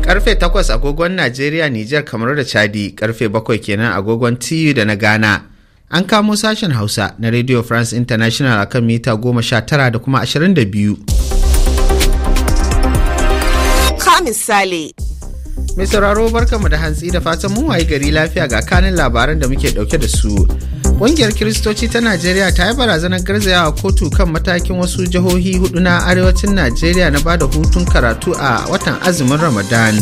Karfe takwas agogon Najeriya, Nijar, kamar da Chadi, karfe bakwai kenan agogon TU da na Ghana. An kamo sashen Hausa na Radio France International akan mita goma sha tara da kuma ashirin da biyu. Ka misali. Mai sauraro barkanmu da hantsi da fatan mun wayi gari lafiya ga kanin labaran da muke dauke da su. Ƙungiyar Kiristoci ta Najeriya ta yi barazanar garzayawa kotu kan matakin wasu jihohi hudu na arewacin Najeriya na bada hutun karatu a watan azumin Ramadan.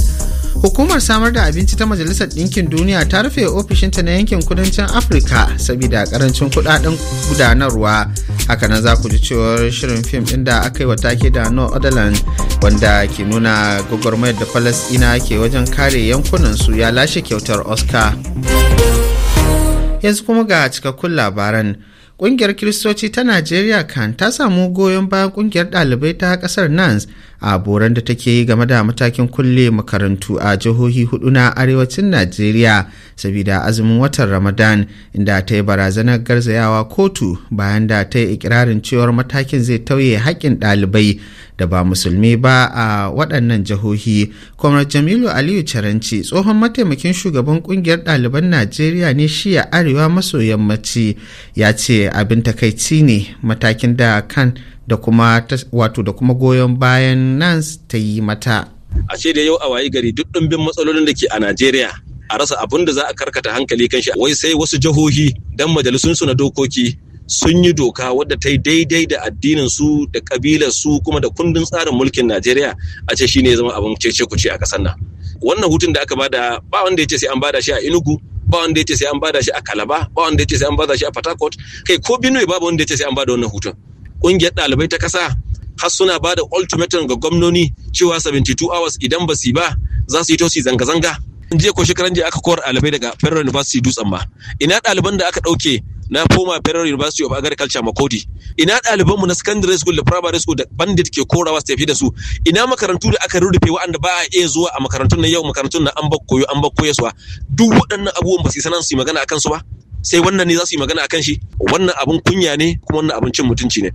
Hukumar samar da abinci ta Majalisar Ɗinkin Duniya ta rufe ofishinta na yankin kudancin Afirka saboda karancin kudaden gudanarwa. Haka nan za ku ji cewar shirin fim ɗin da aka yi wa take da No Orleans, wanda ke nuna gwagwarmayar da Falasɗina ke wajen kare yankunan su ya lashe kyautar Oscar. yanzu kuma ga cikakkun labaran ƙungiyar kiristoci ta najeriya kan ta samu goyon bayan ƙungiyar ɗalibai ta ƙasar nans a boran da take yi game da matakin kulle makarantu a jihohi hudu na arewacin najeriya saboda azumin watan ramadan inda ta yi barazanar garzayawa kotu bayan da ta yi ikirarin cewar matakin zai tauye haƙƙin ɗalibai da ba musulmi ba a waɗannan jihohi kwamar jamilu aliyu caranci tsohon mataimakin shugaban ƙungiyar ɗaliban najeriya ne shi a arewa maso yammaci ya ce abin takaici ne matakin da kan da kuma wato da kuma goyon bayan nan ta yi mata a da yau a wayi gari duk ɗumbin matsalolin da ke a najeriya a rasa abin da za a karkata hankali kan shi wai sai wasu jihohi dan majalisunsu na dokoki sun yi doka wadda ta yi daidai da addinin su da kabilar su kuma da kundin tsarin mulkin Najeriya a ce shine ya zama abin cece kuce a kasar nan wannan hutun da aka bada ba wanda ya ce sai an bada shi a Enugu ba wanda ya ce sai an bada shi a Kalaba ba wanda ya ce sai an bada shi a Port Harcourt kai ko Benue babu wanda ya ce sai an bada wannan hutun ƙungiyar ɗalibai ta ƙasa har suna ba da ultimatum ga gwamnoni cewa 72 hours idan ba su ba za su yi tosi zanga-zanga jiya ko shekaran jiya aka kowar ɗalibai daga federal university dutsen ba ina ɗaliban da aka ɗauke na foma federal university of agriculture makodi ina ɗalibanmu na secondary school da primary school da bandit ke korawa su tafi da su ina makarantu da aka rurrufe wa'anda ba a iya zuwa a makarantun na yau makarantun na an bakkoyo an bakkoye su duk waɗannan abubuwan ba su sanan su yi magana akan su ba sai wannan ne za su yi magana akan shi wannan abin kunya ne kuma wannan abin cin mutunci ne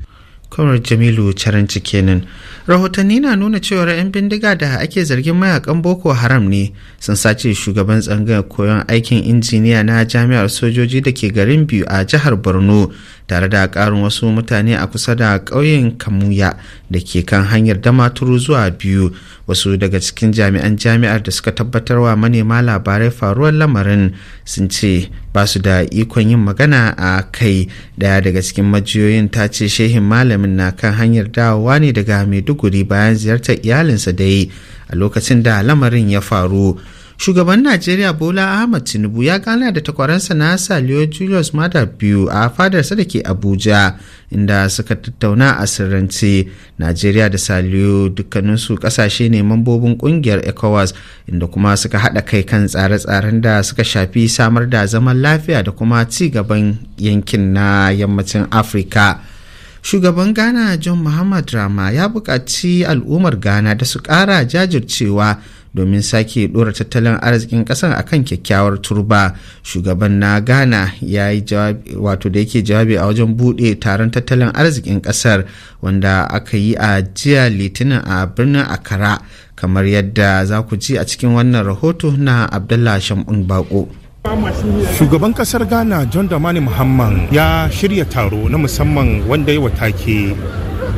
kamar jamilu caranci kenan rahotanni na nuna cewar 'yan bindiga da ake zargin mayakan boko haram ne sun sace shugaban tsangayar koyon aikin injiniya na jami'ar sojoji da ke garin biyu a jihar borno tare da karin wasu mutane a kusa da ƙauyen kamuya da ke kan hanyar damaturu zuwa biyu wasu daga cikin jami'an jami'ar da suka tabbatarwa manema labarai faruwar lamarin sun ce ba su da ikon yin magana a kai daya daga cikin majiyoyin ta ce shehin malamin na kan hanyar dawowa ne daga maiduguri bayan ziyartar iyalinsa da yi a lokacin da lamarin ya faru shugaban najeriya bola ahmad tinubu ya gana da takwaransa na saliyo julius mada biyu a fadarsa da ke abuja inda suka tattauna a sirrance najeriya da saliyo dukkaninsu kasashe ne mambobin kungiyar ecowas inda kuma suka haɗa kai kan tsare-tsaren da suka shafi samar da zaman lafiya da kuma ci gaban yankin na yammacin afirka shugaban ghana john muhammad rama ya buƙaci al'ummar ghana da su ƙara jajircewa domin sake ɗora tattalin arzikin ƙasar kan kyakkyawar turba shugaban na ghana ya yi wato da yake jawabi a wajen buɗe taron tattalin arzikin ƙasar wanda aka yi a jiya litinin a birnin akara kamar yadda za ku ji a cikin wannan rahoto na abdullah shamun bako Shugaban kasar Ghana John Dramani Muhammad ya shirya taro na musamman wanda ya take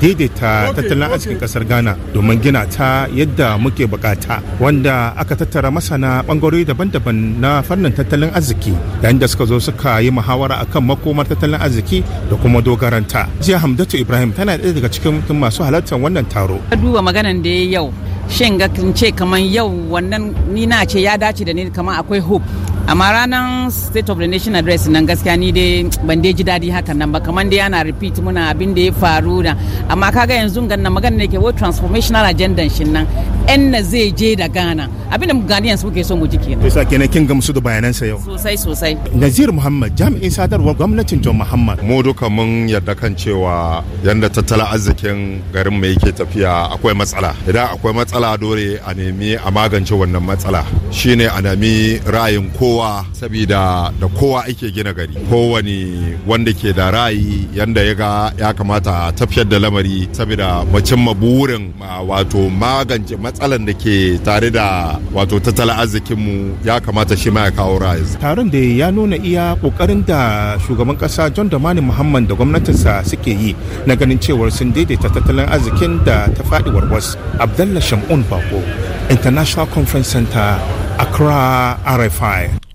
daidaita tattalin arzikin kasar ghana domin gina ta yadda muke bukata wanda aka tattara masana bangarori daban-daban na fannin tattalin arziki yayin da suka zo suka yi muhawara akan makomar tattalin arziki da kuma dogaranta jiya hamdatu ibrahim tana ɗaya daga cikin masu halartar wannan taro duba maganan da ya yau shin ga ce kamar yau wannan ni na ce ya dace da ni kamar akwai hope amma ranar state of the nation address nan gaskiya ni dai ban dai ji daɗi hakan nan ba kamar dai yana repeat muna abin da ya faru da amma kaga yanzu ganna magana ne ke wo transformational agenda shin nan yan na zai je da Ghana abin da Ghanaians k'e so mu ji kenan sai kenan kin gamsu da bayanan sa yau sosai sosai Nazir Muhammad jami'in sadarwa gwamnatin John Muhammad mu duka mun yarda kan cewa yanda tattalin arzikin garin mu yake tafiya akwai matsala idan akwai matsala dole a nemi a magance wannan matsala shine a nemi ra'ayin kowa sabida da kowa ake gina gari kowani wanda ke da ra'ayi yanda ya ga ya kamata tafiyar da lamarin lamari saboda mu burin wato magance matsalan da ke tare da wato tattalin arzikinmu ya kamata shi ma ya kawo ra'ayi. Taron da ya nuna iya kokarin da shugaban kasa John da mani Muhammad da gwamnatinsa suke yi na ganin cewar sun daidaita tattalin arzikin da ta faɗi warwas. Abdallah Shamun Bako, International Conference Center, Accra, RFI.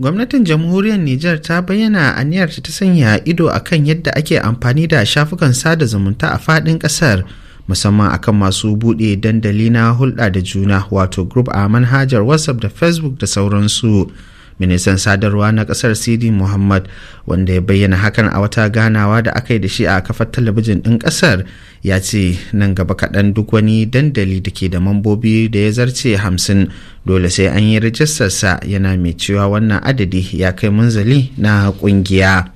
gwamnatin jamhuriyar Nijar ta bayyana aniyarta ta sanya ido a kan yadda ake amfani da shafukan sada zumunta a faɗin ƙasar musamman akan masu buɗe dandali na hulɗa da juna wato group a manhajar whatsapp da facebook da sauransu. ministan sadarwa na kasar sidi muhammad wanda ya bayyana hakan a wata ganawa da aka yi da shi a kafar talabijin ɗin ƙasar ya ce nan gaba kaɗan duk wani dandali da ke da mambobi da ya zarce hamsin dole sai an yi rajistarsa yana mai cewa wannan adadi ya kai munzali na ƙungiya.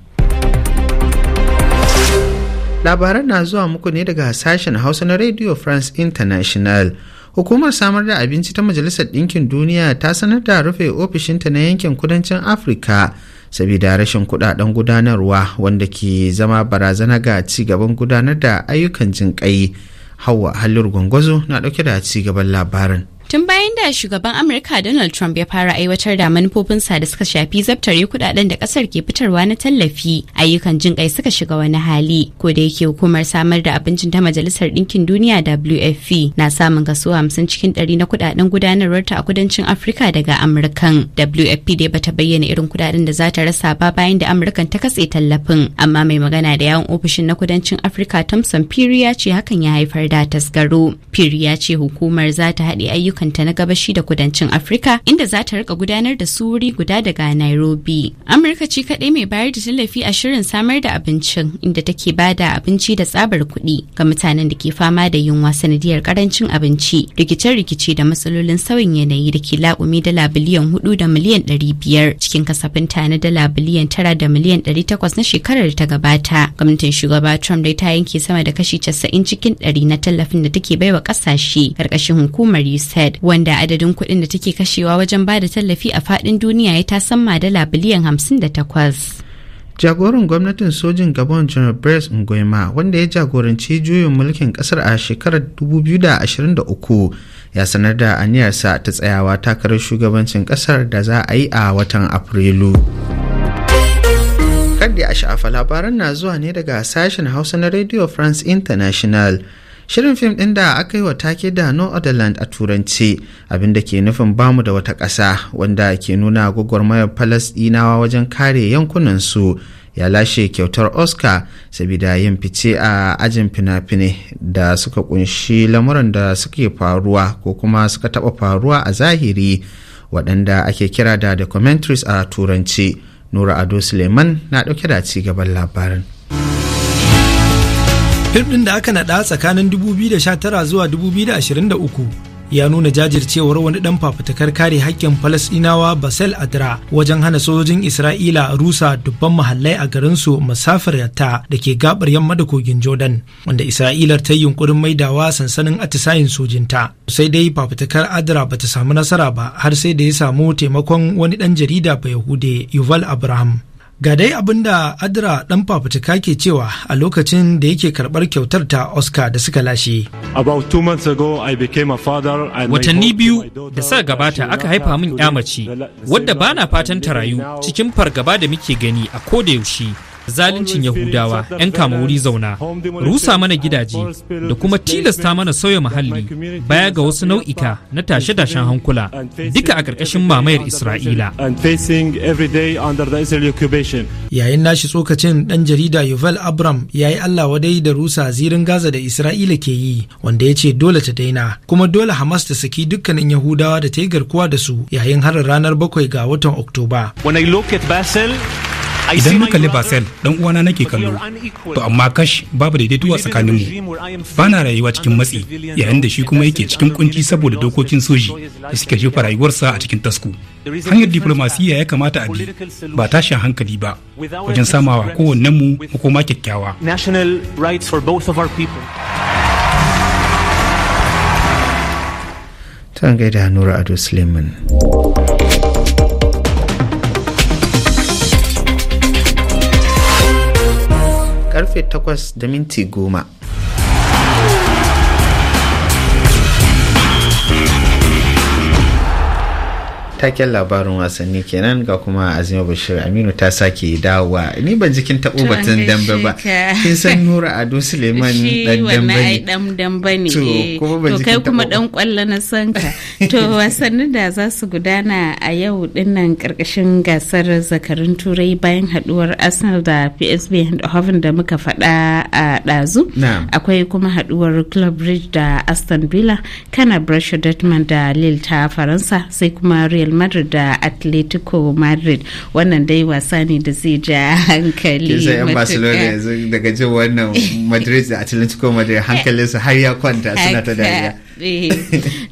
labaran na zuwa muku ne daga sashen hausa na radio france international hukumar samar da abinci ta majalisar ɗinkin duniya ta sanar da rufe ofishinta na yankin kudancin afirka saboda rashin kudaden gudanarwa wanda ke zama barazana ga cigaban gudanar da ayyukan jinƙai hawa halin gwangwazo na ɗauke da ci gaban labarin Tun bayan da shugaban Amurka Donald Trump ya fara aiwatar da manufofinsa da suka shafi zabtare kudaden da kasar ke fitarwa na tallafi, ayyukan jin kai suka shiga wani hali. Ko da yake hukumar samar da abincin ta Majalisar ɗinkin Duniya WFP na samun kaso 50 cikin ɗari na kudaden gudanarwar ta a kudancin Afirka daga Amurkan. WFP dai bata bayyana irin kudaden da za ta rasa ba bayan da Amurkan ta katse tallafin, amma mai magana da yawon ofishin na kudancin Afirka Thompson Piri ya ce hakan ya haifar da tasgaro. Piri ya ce hukumar za ta haɗe ayyukan ayyukanta na gabashi da kudancin Afrika. inda za ta rika gudanar da su wuri guda daga Nairobi. Amurka ce kaɗai mai bayar da tallafi a shirin samar da abincin inda take ba da abinci da tsabar kuɗi ga mutanen da ke fama da yunwa sanadiyar karancin abinci, rikice-rikice da matsalolin sauyin yanayi da ke laƙumi dala biliyan hudu da miliyan ɗari biyar cikin kasafin ta na dala biliyan tara da miliyan ɗari takwas na shekarar da ta gabata. Gwamnatin shugaba Trump dai ta yanke sama da kashi casa'in cikin ɗari na tallafin da take baiwa ƙasashe ƙarƙashin hukumar USAID. wanda adadin kuɗin da take kashewa wajen bada tallafi a faɗin duniya ya tasamma dala biliyan 58. jagoran gwamnatin sojin gabon general brice ngoima wanda ya jagoranci juyin mulkin kasar a shekarar 2023 ya sanar da aniyarsa ta tsayawa takarar shugabancin kasar da za a yi a watan afrilu kadda a sha'afa labaran na zuwa ne daga sashen hausa na radio france international shirin fim ɗin da aka yi wa take da no other land a turanci abinda ke nufin bamu da wata ƙasa wanda ke nuna gwagwarmayar falasɗinawa wajen kare yankunansu ya lashe kyautar oscar sabida yin fice a ajin fina-finai da suka kunshi lamuran da suke faruwa ko kuma suka taɓa faruwa a zahiri waɗanda ake kira da documentaries a turanci nura ado suleiman na ɗauke da ci gaban labarin. fim ɗin da aka naɗa tsakanin 2019 zuwa 2023 ya nuna jajircewar wani ɗan fafutukar kare hakkin falasɗinawa basel adra wajen hana sojojin isra'ila rusa dubban mahallai a garinsu yatta da ke gabar yamma da kogin jordan wanda isra'ilar ta yi yunkurin maidawa sansanin atisayin sojinta sai dai fafutukar adra ba ta samu nasara ba har sai da ya samu taimakon wani ɗan jarida ba yahude yuval abraham Ga dai abin da Adra ɗan fafutuka ke cewa a lokacin da yake karɓar kyautar ta Oscar da suka lashe. Watanni biyu da sa gabata aka haifa min mace wadda bana fatan ta rayu cikin fargaba da muke gani a koda yaushe. zaluncin Yahudawa, 'yan kama wuri zauna, rusa mana gidaje da kuma tilasta mana sauya muhalli baya ga wasu nau'ika na tashe-tashen hankula duka a ƙarƙashin mamayar Isra'ila. Yayin nashi tsokacin ɗan jarida Yuval Abram ya yi Allah wadai da rusa zirin Gaza da Isra'ila ke yi, wanda ya ce dole ta daina, kuma dole Hamas ta saki dukkanin Yahudawa da ta yi garkuwa da su yayin harin ranar bakwai ga watan Oktoba. idan na kalli basel dan uwana nake kallo to amma kash babu daidaito a tsakanin mu ba na rayuwa cikin matsi yayin da shi kuma yake cikin kunci saboda dokokin soji da suke jefa rayuwarsa a cikin tasku hanyar diplomasiya ya kamata a bi ba tashin hankali ba wajen samawa kowannen mu makoma kyakkyawa ta gaida nura ado suleiman karfe 8 da minti goma. taken labarin wasanni kenan ga kuma azima bashir aminu ta sake dawowa ni ban jikin taɓo batun dambe ba kin san nura ado suleiman dan dambe ne to kai kuma dan kwallo na san to wasannin da za su gudana a yau dinnan karkashin gasar zakarin turai bayan haduwar arsenal da psv hoven da muka faɗa a ɗazu akwai kuma haduwar club bridge da aston villa kana brush dortmund da lille ta faransa sai kuma real real madrid da atletico madrid wannan dai wasa ne da zai ja hankali kisa yan barcelona yanzu daga jin wannan madrid da atletico madrid hankalinsu har ya kwanta suna ta dariya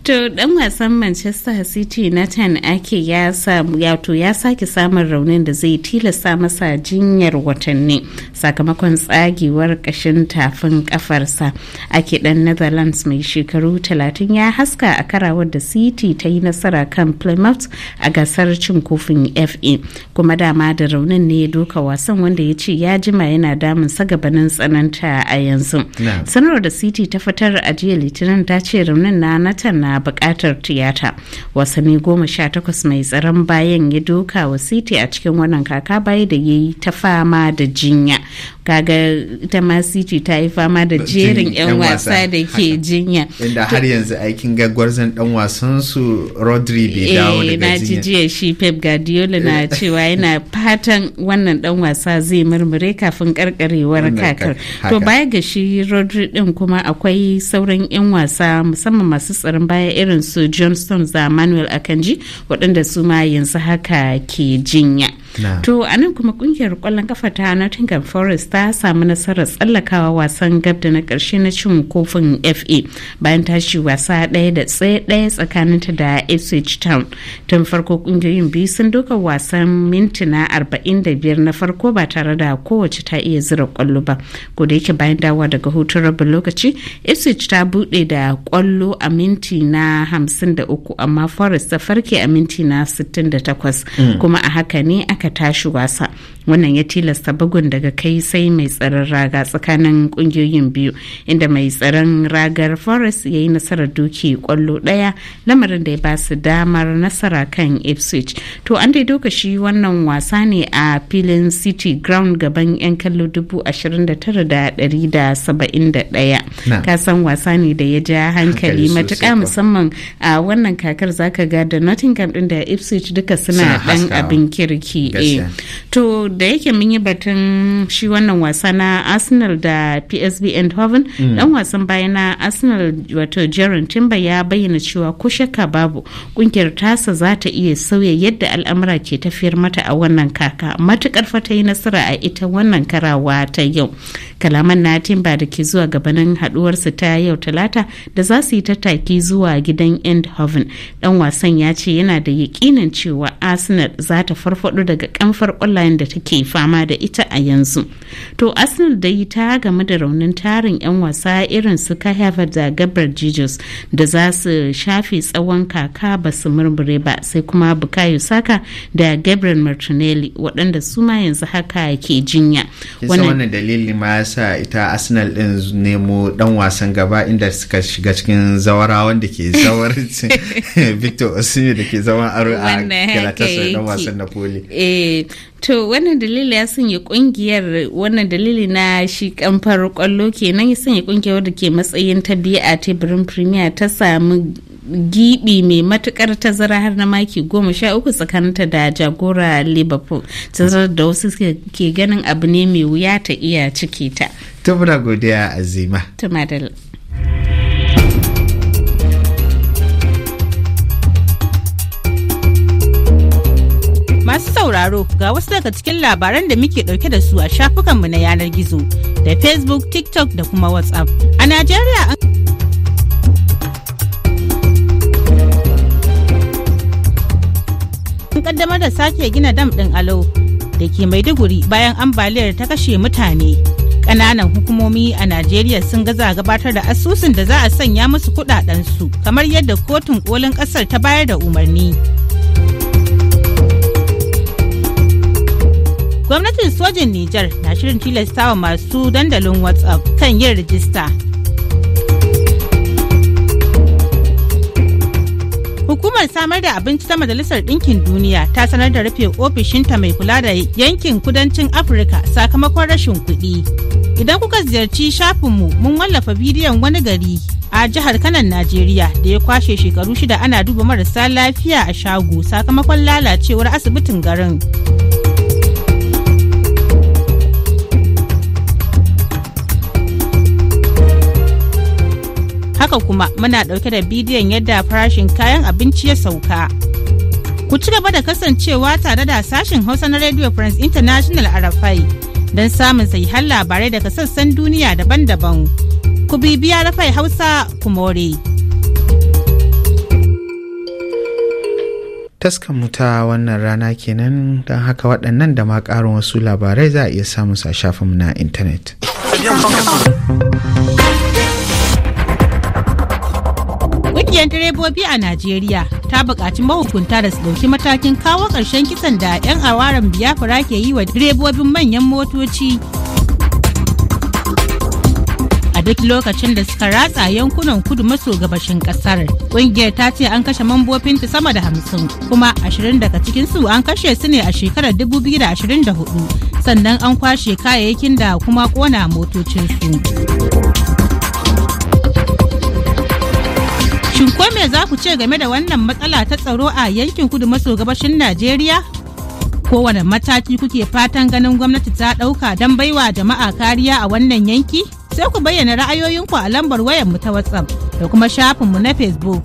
to dan wasan manchester city nathan ake ya samu to ya sake samun raunin da zai tilasta masa jinyar watanni sakamakon tsagewar kashin tafin kafarsa ake dan netherlands mai shekaru talatin ya haska a karawar da city ta yi nasara kan plymouth a gasar cin kofin fa kuma dama da raunin ne ya doka wasan wanda ya ce ya jima yana damun gabanin tsananta a yanzu sanarwar da city ta fitar a jiya litinin ta ce birnin na natan na bukatar tiyata wasanni goma sha takwas mai tsaron bayan ya doka wa city a cikin wannan kaka baya da ya yi ta fama da jinya kaga ita ma city ta yi fama da jerin yan wasa da ke jinya inda har yanzu aikin gagwarzan dan wasan su rodri bai eh, dawo daga jinya na ji jiya shi pep guardiola na eh. cewa yana fatan wannan dan wasa zai murmure kafin karkarewar kakar to baya ga shi rodri din kuma akwai sauran yan wasa musamman musamman masu tsaron baya irin su Johnston zamanuel Manuel Akanji waɗanda su ma yanzu haka ke jinya. To a nan kuma kungiyar kwallon kafa ta Nottingham Forest ta samu nasarar tsallakawa wasan gab da na karshe na cin kofin FA bayan tashi wasa ɗaya da tsaye ɗaya tsakaninta da Ipswich Town. Tun farko kungiyoyin biyu sun doka wasan mintuna 45 na farko ba tare da kowace ta iya zira kwallo ba. Ko da yake bayan dawa daga hutun rabin lokaci, Ipswich ta buɗe da kwallo a minti na 53 amma Forest ta farke a minti na 68 mm. kuma a haka ne aka tashi wasa wannan ya tilasta bugun daga kai sai mai tsaron raga tsakanin kungiyoyin biyu inda mai tsaron ragar forest ya yi nasarar duki kwallo daya lamarin da ya ba su damar nasara kan ipswich to an dai doka shi wannan wasa ne a filin city ground gaban 'yan kallo dubu ashirin da tara da dari da saba'in da daya ka san wasa ne da ya ja hankali matuka musamman a wannan kakar zaka ga da nottingham din da ipswich duka suna dan abin kirki eh to da yake mun yi batun shi wannan wasa na Arsenal da PSV Eindhoven mm. dan wasan baya na Arsenal wato Jaron Timber ya bayyana cewa ko shakka babu kungiyar tasa za ta iya sauya yadda al'amura ke tafiyar mata a wannan kaka matukar fata yi nasara a ita wannan karawa ta yau kalaman na timba da ke zuwa gabanin haduwarsu ta yau talata da za su yi tattaki zuwa gidan endhoven dan wasan ya ce yana da yakinin cewa arsenal za ta farfado daga kamfar kwallayen da take fama da ita a yanzu to arsenal da yi ta game da raunin tarin 'yan wasa irin su da gabar jesus da za su shafe tsawon kaka ba su murmure ba sai kuma bukayo saka da gabriel martinelli waɗanda su ma yanzu haka ke jinya wannan dalili ma sa ita arsenal din nemo dan wasan gaba inda suka shiga cikin zawara wanda ke zawar victor osimhen da ke zama aro a galatasaray dan wasan napoli eh to wannan dalili ya sanya kungiyar wannan dalili na shi kamfar kwallo kenan ya sanya kungiyar da ke matsayin ta biya a teburin premier ta samu gibi mai matukar tazara har na maki goma sha uku tsakaninta da jagora liverpool tazarar da wasu ke ganin abu ne mai wuya ta iya ciki ta tumuna godiya azima masu sauraro ga wasu daga cikin labaran da muke dauke da su a shafukanmu na yanar gizo da facebook tiktok da kuma whatsapp a najeriya kaddamar da sake gina dam ɗin alo da ke maiduguri bayan ambaliyar ta kashe mutane ƙananan hukumomi a najeriya sun gaza gabatar da asusun da za a sanya musu su kamar yadda kotun kolin ƙasar ta bayar da umarni gwamnatin sojin Nijar na shirin tilastawa masu dandalin WhatsApp kan yin rijista Hukumar samar da abinci ta Majalisar Ɗinkin Duniya ta sanar da rufe ofishinta mai kula da yankin kudancin Afirka sakamakon rashin kuɗi. Idan kuka ziyarci shafinmu mun wallafa bidiyon wani gari a jihar Kanan Najeriya da ya kwashe shekaru shida ana duba marasa lafiya a shago sakamakon lalacewar asibitin garin. haka kuma muna ɗauke da bidiyon yadda farashin kayan abinci ya sauka. Ku ci gaba da kasancewa tare da sashen Hausa na Radio France International Arafai don samun sahihan labarai daga sassan duniya daban-daban. Ku bibiya rafai Hausa Kumore. taskan ta wannan rana kenan don haka waɗannan da ma ƙarin wasu labarai za a iya samun sa shafinmu na intanet. Ƙungiyar direbobi a Najeriya ta buƙaci mahukunta da su ɗauki matakin kawo ƙarshen kisan da 'yan awaran biyafura ke yi wa direbobin manyan motoci. A duk lokacin da suka ratsa yankunan kudu maso gabashin ƙasar, ƙungiyar ta ce an kashe mambobin ta sama da hamsin, kuma ashirin daga cikinsu an kashe su ne a shekarar 2024, sannan an kwashe kayayyakin da kuma ƙona su. Shin ko me za ku ce game da wannan matsala ta tsaro a yankin kudu maso gabashin Najeriya? Kowane mataki kuke fatan ganin gwamnati ta ɗauka don baiwa jama'a kariya a wannan yanki? Sai ku bayyana ra'ayoyinku a lambar wayanmu ta WhatsApp da kuma shafinmu na Facebook.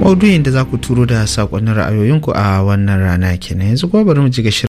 Maudu'in da za ku turo da saƙonnin ra'ayoyinku a wannan rana kenan yanzu kuma bari mu ji